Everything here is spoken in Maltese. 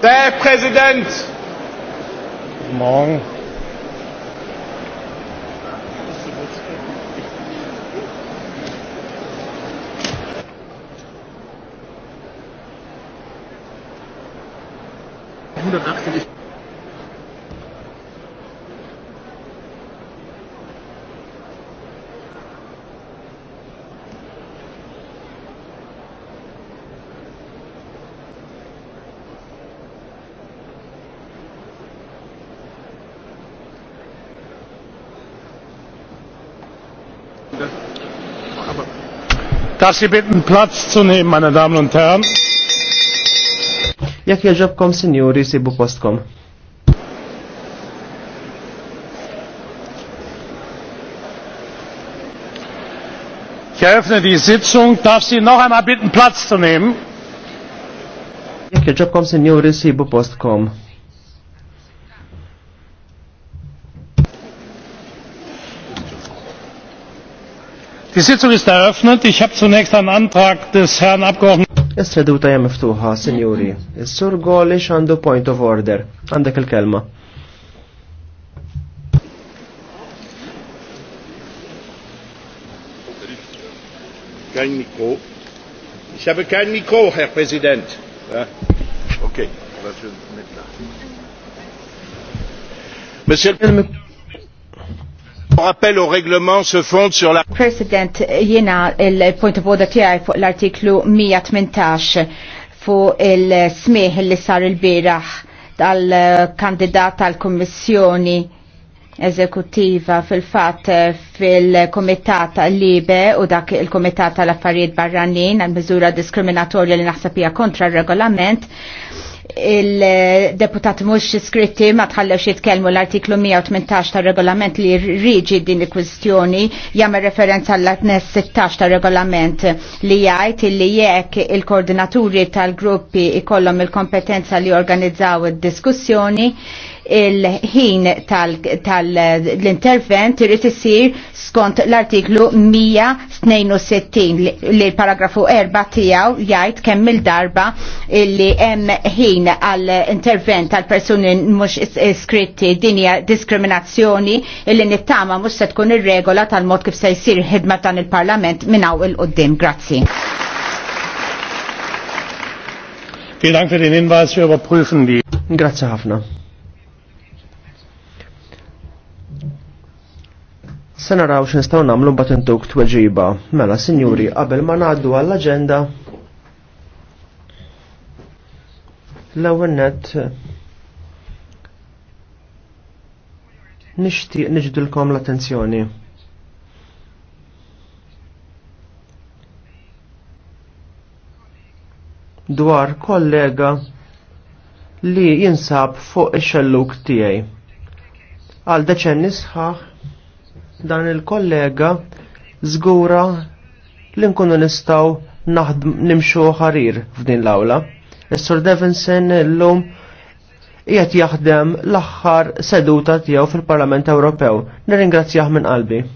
Der Präsident! Morgen. Hundert Darf Sie bitten, Platz zu nehmen, meine Damen und Herren? Jekk jaġobkom, sinjuri, sibu postkom. Ich eröffne die Sitzung. Darf Sie noch einmal bitten, Platz zu nehmen? Sitzung, darf Sie noch einmal bitten, Platz zu nehmen? Die Sitzung ist eröffnet. Ich habe zunächst einen Antrag des Herrn Abgeordneten. Is-seduta hija miftuħa, sinjuri. Is-sur Golish għandu point of order. Għandek il-kelma. Kein Mikro. Ich habe kein Mikro, Herr Präsident. Ja? Okay. Monsieur Rappel au règlement se fonde sur la President jiena il-point of order tiegħi fuq l-artiklu 118 fuq il-smieħ li sar il-bieraħ tal-kandidat tal-Kummissjoni eżekuttiva fil-fat fil-komitat libe u dak il-komitat tal-affarijiet barranin għal miżura diskriminatorja li naħsebija kontra r-regolament il-deputat mux skritti ma tħallewx jitkellmu l-artiklu 118 ta' regolament li riġi din il-kwistjoni jagħmel referenza l 16 ta' regolament li jgħid li jekk il-koordinaturi tal-gruppi ikollhom il-kompetenza li organizzaw id-diskussjoni il-ħin tal-intervent tal, irrid isir skont l-artiklu 162 li l-paragrafu 4 tiegħu jgħid kemm il-darba li hemm ħin għall-intervent tal-persuni mhux iskritti dinja diskriminazzjoni illi nittama mhux se tkun ir-regola tal-mod kif se jsir ħidma dan il-Parlament minn hawn il-qudiem. Grazzi. Vielen Dank für den Hinweis. Wir überprüfen die. Grazie, Hafner. Se xin staw nagħmlu mbagħad intuk tweġiba. Mela, sinjuri, qabel ma ngħaddu għall agenda l-ewwel nett nixtieq niġdilkom l-attenzjoni. dwar kollega li jinsab fuq ix-xelluk tiegħi għal deċenni sħaħ dan il-kollega żgura li nkunu nistgħu naħdm nimxu ħarir f'din l-awla. Is-Sur Devinson l-lum qiegħed jaħdem l-aħħar seduta tiegħu fil-Parlament Ewropew. Nirringrazzjah minn qalbi.